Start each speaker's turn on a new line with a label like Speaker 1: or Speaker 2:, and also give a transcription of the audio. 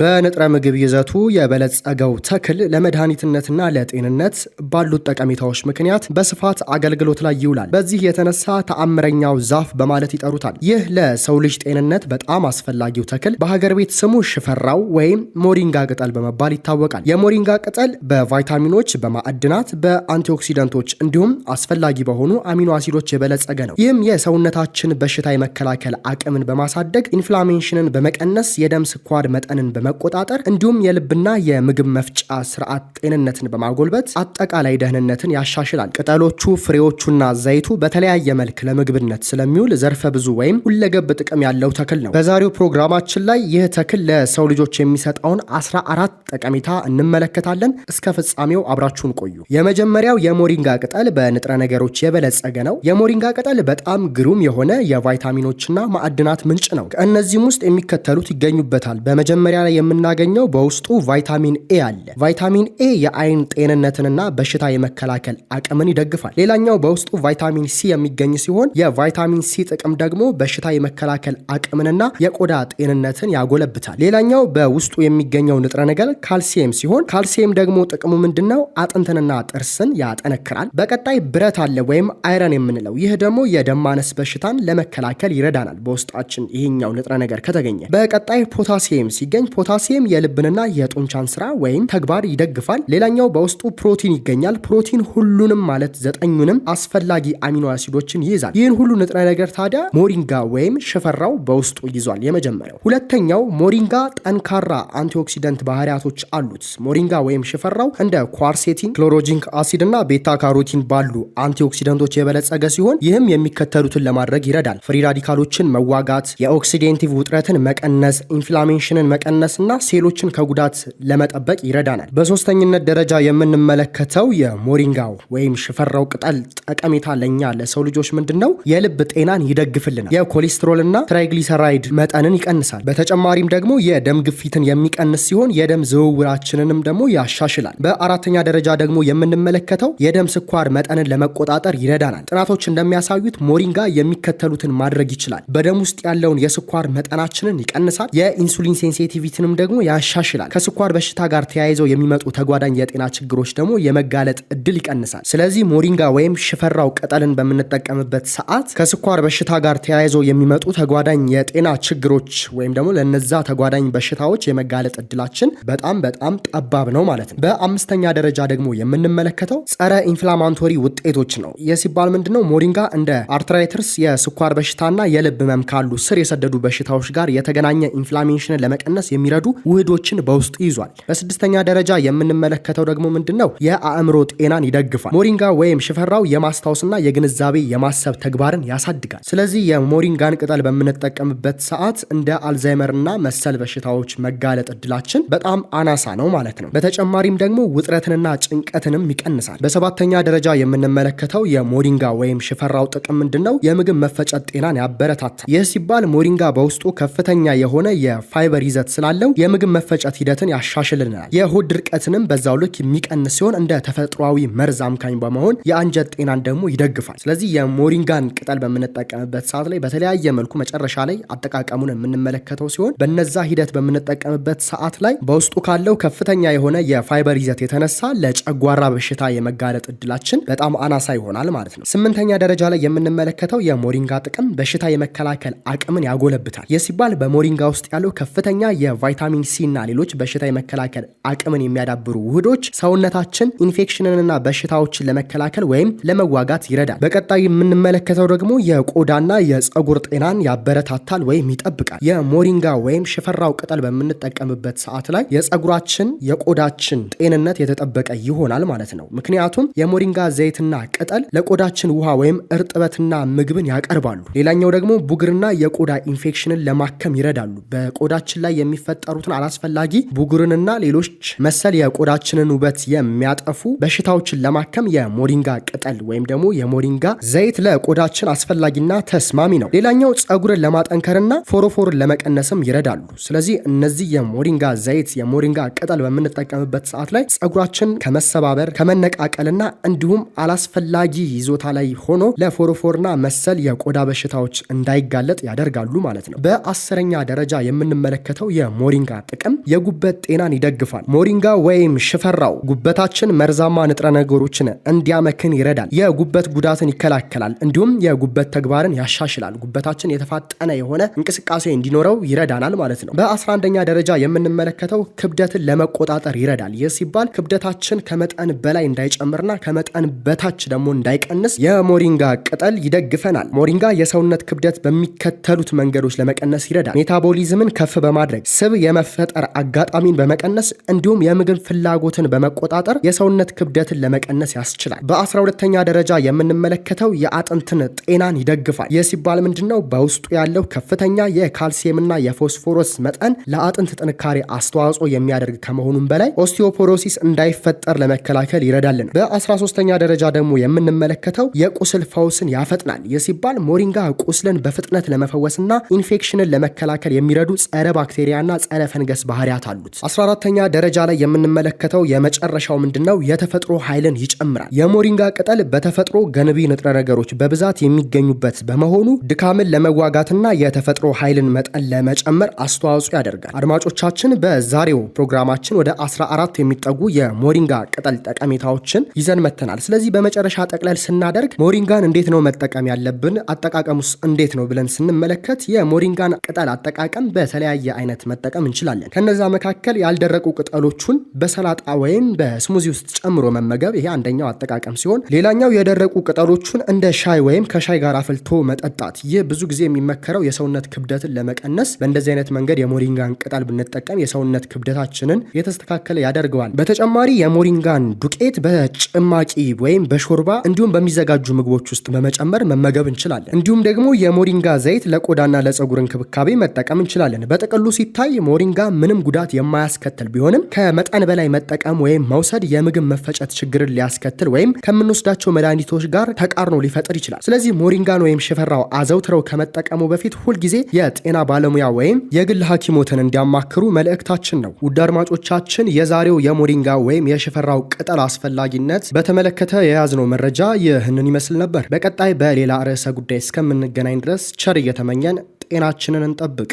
Speaker 1: በንጥረ ምግብ ይዘቱ የበለጸገው ተክል ለመድኃኒትነትና ለጤንነት ባሉት ጠቀሜታዎች ምክንያት በስፋት አገልግሎት ላይ ይውላል። በዚህ የተነሳ ተአምረኛው ዛፍ በማለት ይጠሩታል። ይህ ለሰው ልጅ ጤንነት በጣም አስፈላጊው ተክል በሀገር ቤት ስሙ ሽፈራው ወይም ሞሪንጋ ቅጠል በመባል ይታወቃል። የሞሪንጋ ቅጠል በቫይታሚኖች፣ በማዕድናት፣ በአንቲኦክሲደንቶች እንዲሁም አስፈላጊ በሆኑ አሚኖ አሲዶች የበለጸገ ነው። ይህም የሰውነታችን በሽታ የመከላከል አቅምን በማሳደግ ኢንፍላሜሽንን በመቀነስ የደም ስኳር መጠንን በመ መቆጣጠር እንዲሁም የልብና የምግብ መፍጫ ስርዓት ጤንነትን በማጎልበት አጠቃላይ ደህንነትን ያሻሽላል። ቅጠሎቹ፣ ፍሬዎቹና ዘይቱ በተለያየ መልክ ለምግብነት ስለሚውል ዘርፈ ብዙ ወይም ሁለገብ ጥቅም ያለው ተክል ነው። በዛሬው ፕሮግራማችን ላይ ይህ ተክል ለሰው ልጆች የሚሰጠውን አስራ አራት ጠቀሜታ እንመለከታለን። እስከ ፍጻሜው አብራችሁን ቆዩ። የመጀመሪያው የሞሪንጋ ቅጠል በንጥረ ነገሮች የበለጸገ ነው። የሞሪንጋ ቅጠል በጣም ግሩም የሆነ የቫይታሚኖችና ማዕድናት ምንጭ ነው። ከእነዚህም ውስጥ የሚከተሉት ይገኙበታል። በመጀመሪያ ላይ የምናገኘው በውስጡ ቫይታሚን ኤ አለ። ቫይታሚን ኤ የአይን ጤንነትንና በሽታ የመከላከል አቅምን ይደግፋል። ሌላኛው በውስጡ ቫይታሚን ሲ የሚገኝ ሲሆን የቫይታሚን ሲ ጥቅም ደግሞ በሽታ የመከላከል አቅምንና የቆዳ ጤንነትን ያጎለብታል። ሌላኛው በውስጡ የሚገኘው ንጥረ ነገር ካልሲየም ሲሆን ካልሲየም ደግሞ ጥቅሙ ምንድነው አጥንትንና ጥርስን ያጠነክራል። በቀጣይ ብረት አለ ወይም አይረን የምንለው ይህ ደግሞ የደም ማነስ በሽታን ለመከላከል ይረዳናል። በውስጣችን ይህኛው ንጥረ ነገር ከተገኘ በቀጣይ ፖታሲየም ሲገኝ ፖታሲየም የልብንና የጡንቻን ስራ ወይም ተግባር ይደግፋል። ሌላኛው በውስጡ ፕሮቲን ይገኛል። ፕሮቲን ሁሉንም ማለት ዘጠኙንም አስፈላጊ አሚኖ አሲዶችን ይይዛል። ይህን ሁሉ ንጥረ ነገር ታዲያ ሞሪንጋ ወይም ሽፈራው በውስጡ ይዟል። የመጀመሪያው። ሁለተኛው ሞሪንጋ ጠንካራ አንቲኦክሲደንት ባህሪያቶች አሉት። ሞሪንጋ ወይም ሽፈራው እንደ ኳርሴቲን፣ ክሎሮጂንክ አሲድ እና ቤታ ካሮቲን ባሉ አንቲኦክሲደንቶች የበለጸገ ሲሆን ይህም የሚከተሉትን ለማድረግ ይረዳል። ፍሪ ራዲካሎችን መዋጋት፣ የኦክሲዴንቲቭ ውጥረትን መቀነስ፣ ኢንፍላሜሽንን መቀነስ ለመቀነስና ሴሎችን ከጉዳት ለመጠበቅ ይረዳናል። በሶስተኝነት ደረጃ የምንመለከተው የሞሪንጋው ወይም ሽፈራው ቅጠል ጠቀሜታ ለኛ ለሰው ልጆች ምንድን ነው? የልብ ጤናን ይደግፍልናል። የኮሌስትሮልና ትራይግሊሰራይድ መጠንን ይቀንሳል። በተጨማሪም ደግሞ የደም ግፊትን የሚቀንስ ሲሆን የደም ዝውውራችንንም ደግሞ ያሻሽላል። በአራተኛ ደረጃ ደግሞ የምንመለከተው የደም ስኳር መጠንን ለመቆጣጠር ይረዳናል። ጥናቶች እንደሚያሳዩት ሞሪንጋ የሚከተሉትን ማድረግ ይችላል። በደም ውስጥ ያለውን የስኳር መጠናችንን ይቀንሳል። የኢንሱሊን ሴንሲቲቪቲ ሁኔታዎችንም ደግሞ ያሻሽላል። ከስኳር በሽታ ጋር ተያይዘው የሚመጡ ተጓዳኝ የጤና ችግሮች ደግሞ የመጋለጥ እድል ይቀንሳል። ስለዚህ ሞሪንጋ ወይም ሽፈራው ቅጠልን በምንጠቀምበት ሰዓት ከስኳር በሽታ ጋር ተያይዘው የሚመጡ ተጓዳኝ የጤና ችግሮች ወይም ደግሞ ለነዛ ተጓዳኝ በሽታዎች የመጋለጥ እድላችን በጣም በጣም ጠባብ ነው ማለት ነው። በአምስተኛ ደረጃ ደግሞ የምንመለከተው ጸረ ኢንፍላማንቶሪ ውጤቶች ነው። የሲባል ምንድነው ሞሪንጋ እንደ አርትራይትርስ የስኳር በሽታና የልብ ህመም ካሉ ስር የሰደዱ በሽታዎች ጋር የተገናኘ ኢንፍላሜሽንን ለመቀነስ የሚ የሚረዱ ውህዶችን በውስጡ ይዟል። በስድስተኛ ደረጃ የምንመለከተው ደግሞ ምንድን ነው? የአእምሮ ጤናን ይደግፋል። ሞሪንጋ ወይም ሽፈራው የማስታወስና የግንዛቤ የማሰብ ተግባርን ያሳድጋል። ስለዚህ የሞሪንጋን ቅጠል በምንጠቀምበት ሰዓት እንደ አልዛይመርና መሰል በሽታዎች መጋለጥ እድላችን በጣም አናሳ ነው ማለት ነው። በተጨማሪም ደግሞ ውጥረትንና ጭንቀትንም ይቀንሳል። በሰባተኛ ደረጃ የምንመለከተው የሞሪንጋ ወይም ሽፈራው ጥቅም ምንድን ነው? የምግብ መፈጨት ጤናን ያበረታታል። ይህ ሲባል ሞሪንጋ በውስጡ ከፍተኛ የሆነ የፋይበር ይዘት ስላለ ያለው የምግብ መፈጨት ሂደትን ያሻሽልናል። የሆድ ድርቀትንም በዛው ልክ የሚቀንስ ሲሆን እንደ ተፈጥሯዊ መርዝ አምካኝ በመሆን የአንጀት ጤናን ደግሞ ይደግፋል። ስለዚህ የሞሪንጋን ቅጠል በምንጠቀምበት ሰዓት ላይ በተለያየ መልኩ መጨረሻ ላይ አጠቃቀሙን የምንመለከተው ሲሆን በነዛ ሂደት በምንጠቀምበት ሰዓት ላይ በውስጡ ካለው ከፍተኛ የሆነ የፋይበር ይዘት የተነሳ ለጨጓራ በሽታ የመጋለጥ እድላችን በጣም አናሳ ይሆናል ማለት ነው። ስምንተኛ ደረጃ ላይ የምንመለከተው የሞሪንጋ ጥቅም በሽታ የመከላከል አቅምን ያጎለብታል። ይህ ሲባል በሞሪንጋ ውስጥ ያለው ከፍተኛ የቫ ቫይታሚን ሲ እና ሌሎች በሽታ የመከላከል አቅምን የሚያዳብሩ ውህዶች ሰውነታችን ኢንፌክሽንንና በሽታዎችን ለመከላከል ወይም ለመዋጋት ይረዳል። በቀጣይ የምንመለከተው ደግሞ የቆዳና የፀጉር ጤናን ያበረታታል ወይም ይጠብቃል። የሞሪንጋ ወይም ሽፈራው ቅጠል በምንጠቀምበት ሰዓት ላይ የፀጉራችን የቆዳችን ጤንነት የተጠበቀ ይሆናል ማለት ነው። ምክንያቱም የሞሪንጋ ዘይትና ቅጠል ለቆዳችን ውሃ ወይም እርጥበትና ምግብን ያቀርባሉ። ሌላኛው ደግሞ ቡግርና የቆዳ ኢንፌክሽንን ለማከም ይረዳሉ። በቆዳችን ላይ የሚፈ የሚፈጠሩትን አላስፈላጊ ብጉርንና ሌሎች መሰል የቆዳችንን ውበት የሚያጠፉ በሽታዎችን ለማከም የሞሪንጋ ቅጠል ወይም ደግሞ የሞሪንጋ ዘይት ለቆዳችን አስፈላጊና ተስማሚ ነው። ሌላኛው ጸጉርን ለማጠንከርና ፎሮፎርን ለመቀነስም ይረዳሉ። ስለዚህ እነዚህ የሞሪንጋ ዘይት፣ የሞሪንጋ ቅጠል በምንጠቀምበት ሰዓት ላይ ጸጉራችን ከመሰባበር ከመነቃቀልና እንዲሁም አላስፈላጊ ይዞታ ላይ ሆኖ ለፎሮፎርና መሰል የቆዳ በሽታዎች እንዳይጋለጥ ያደርጋሉ ማለት ነው። በአስረኛ ደረጃ የምንመለከተው የሞ የሞሪንጋ ጥቅም የጉበት ጤናን ይደግፋል። ሞሪንጋ ወይም ሽፈራው ጉበታችን መርዛማ ንጥረ ነገሮችን እንዲያመክን ይረዳል። የጉበት ጉዳትን ይከላከላል፣ እንዲሁም የጉበት ተግባርን ያሻሽላል። ጉበታችን የተፋጠነ የሆነ እንቅስቃሴ እንዲኖረው ይረዳናል ማለት ነው። በ11ኛ ደረጃ የምንመለከተው ክብደትን ለመቆጣጠር ይረዳል። ይህ ሲባል ክብደታችን ከመጠን በላይ እንዳይጨምርና ከመጠን በታች ደግሞ እንዳይቀንስ የሞሪንጋ ቅጠል ይደግፈናል። ሞሪንጋ የሰውነት ክብደት በሚከተሉት መንገዶች ለመቀነስ ይረዳል። ሜታቦሊዝምን ከፍ በማድረግ ስብ የምግብ የመፈጠር አጋጣሚን በመቀነስ እንዲሁም የምግብ ፍላጎትን በመቆጣጠር የሰውነት ክብደትን ለመቀነስ ያስችላል። በአስራ ሁለተኛ ደረጃ የምንመለከተው የአጥንትን ጤናን ይደግፋል። ይህ ሲባል ምንድን ነው? በውስጡ ያለው ከፍተኛ የካልሲየምና የፎስፎሮስ መጠን ለአጥንት ጥንካሬ አስተዋጽኦ የሚያደርግ ከመሆኑም በላይ ኦስቲዮፖሮሲስ እንዳይፈጠር ለመከላከል ይረዳልን። 13 ተኛ ደረጃ ደግሞ የምንመለከተው የቁስል ፈውስን ያፈጥናል። ይህ ሲባል ሞሪንጋ ቁስልን በፍጥነት ለመፈወስና ኢንፌክሽንን ለመከላከል የሚረዱ ጸረ ባክቴሪያና ጸረ ፈንገስ ባህሪያት አሉት። 14ተኛ ደረጃ ላይ የምንመለከተው የመጨረሻው ምንድነው? የተፈጥሮ ኃይልን ይጨምራል። የሞሪንጋ ቅጠል በተፈጥሮ ገንቢ ንጥረ ነገሮች በብዛት የሚገኙበት በመሆኑ ድካምን ለመዋጋትና የተፈጥሮ ኃይልን መጠን ለመጨመር አስተዋጽኦ ያደርጋል። አድማጮቻችን በዛሬው ፕሮግራማችን ወደ 14 የሚጠጉ የሞሪንጋ ቅጠል ጠቀሜታዎችን ይዘን መተናል። ስለዚህ በመጨረሻ ጠቅለል ስናደርግ ሞሪንጋን እንዴት ነው መጠቀም ያለብን፣ አጠቃቀሙስ እንዴት ነው ብለን ስንመለከት የሞሪንጋን ቅጠል አጠቃቀም በተለያየ አይነት መጠቀም መጠቀም እንችላለን። ከነዛ መካከል ያልደረቁ ቅጠሎቹን በሰላጣ ወይም በስሙዚ ውስጥ ጨምሮ መመገብ፣ ይሄ አንደኛው አጠቃቀም ሲሆን፣ ሌላኛው የደረቁ ቅጠሎቹን እንደ ሻይ ወይም ከሻይ ጋር አፍልቶ መጠጣት። ይህ ብዙ ጊዜ የሚመከረው የሰውነት ክብደትን ለመቀነስ በእንደዚህ አይነት መንገድ የሞሪንጋን ቅጠል ብንጠቀም የሰውነት ክብደታችንን የተስተካከለ ያደርገዋል። በተጨማሪ የሞሪንጋን ዱቄት በጭማቂ ወይም በሾርባ እንዲሁም በሚዘጋጁ ምግቦች ውስጥ በመጨመር መመገብ እንችላለን። እንዲሁም ደግሞ የሞሪንጋ ዘይት ለቆዳና ለፀጉር እንክብካቤ መጠቀም እንችላለን። በጥቅሉ ሲታይ ሞሪንጋ ምንም ጉዳት የማያስከትል ቢሆንም ከመጠን በላይ መጠቀም ወይም መውሰድ የምግብ መፈጨት ችግርን ሊያስከትል ወይም ከምንወስዳቸው መድኃኒቶች ጋር ተቃርኖ ሊፈጥር ይችላል። ስለዚህ ሞሪንጋን ወይም ሽፈራው አዘውትረው ከመጠቀሙ በፊት ሁልጊዜ የጤና ባለሙያ ወይም የግል ሐኪሞትን እንዲያማክሩ መልእክታችን ነው። ውድ አድማጮቻችን የዛሬው የሞሪንጋ ወይም የሽፈራው ቅጠል አስፈላጊነት በተመለከተ የያዝነው መረጃ ይህንን ይመስል ነበር። በቀጣይ በሌላ ርዕሰ ጉዳይ እስከምንገናኝ ድረስ ቸር እየተመኘን ጤናችንን እንጠብቅ።